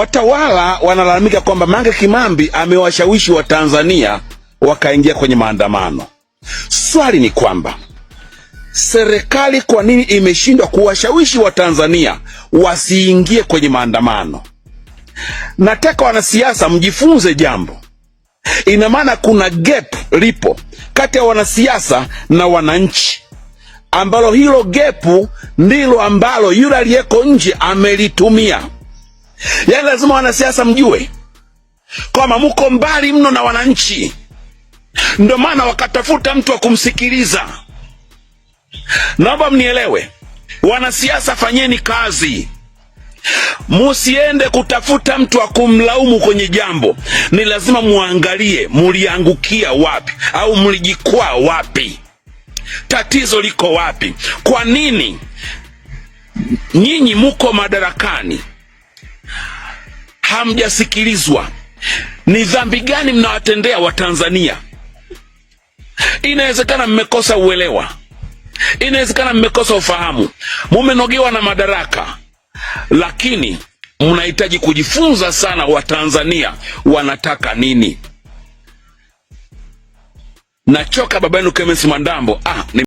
Watawala wanalalamika kwamba Mange Kimambi amewashawishi Watanzania wakaingia kwenye maandamano. Swali ni kwamba serikali kwa nini imeshindwa kuwashawishi Watanzania wasiingie kwenye maandamano? Nataka wanasiasa mjifunze jambo. Ina maana kuna gap lipo kati ya wanasiasa na wananchi, ambalo hilo gepu ndilo ambalo yule aliyeko nje amelitumia yani lazima wanasiasa mjue kwamba muko mbali mno na wananchi, ndio maana wakatafuta mtu wa kumsikiliza. Naomba mnielewe, wanasiasa, fanyeni kazi, musiende kutafuta mtu wa kumlaumu kwenye jambo. Ni lazima muangalie muliangukia wapi au mlijikwaa wapi, tatizo liko wapi, kwa nini nyinyi muko madarakani hamjasikilizwa. Ni dhambi gani mnawatendea Watanzania? Inawezekana mmekosa uelewa, inawezekana mmekosa ufahamu, mumenogewa na madaraka, lakini mnahitaji kujifunza sana. Watanzania wanataka nini? Nachoka baba yenu Clemence Mwandambo. Ah,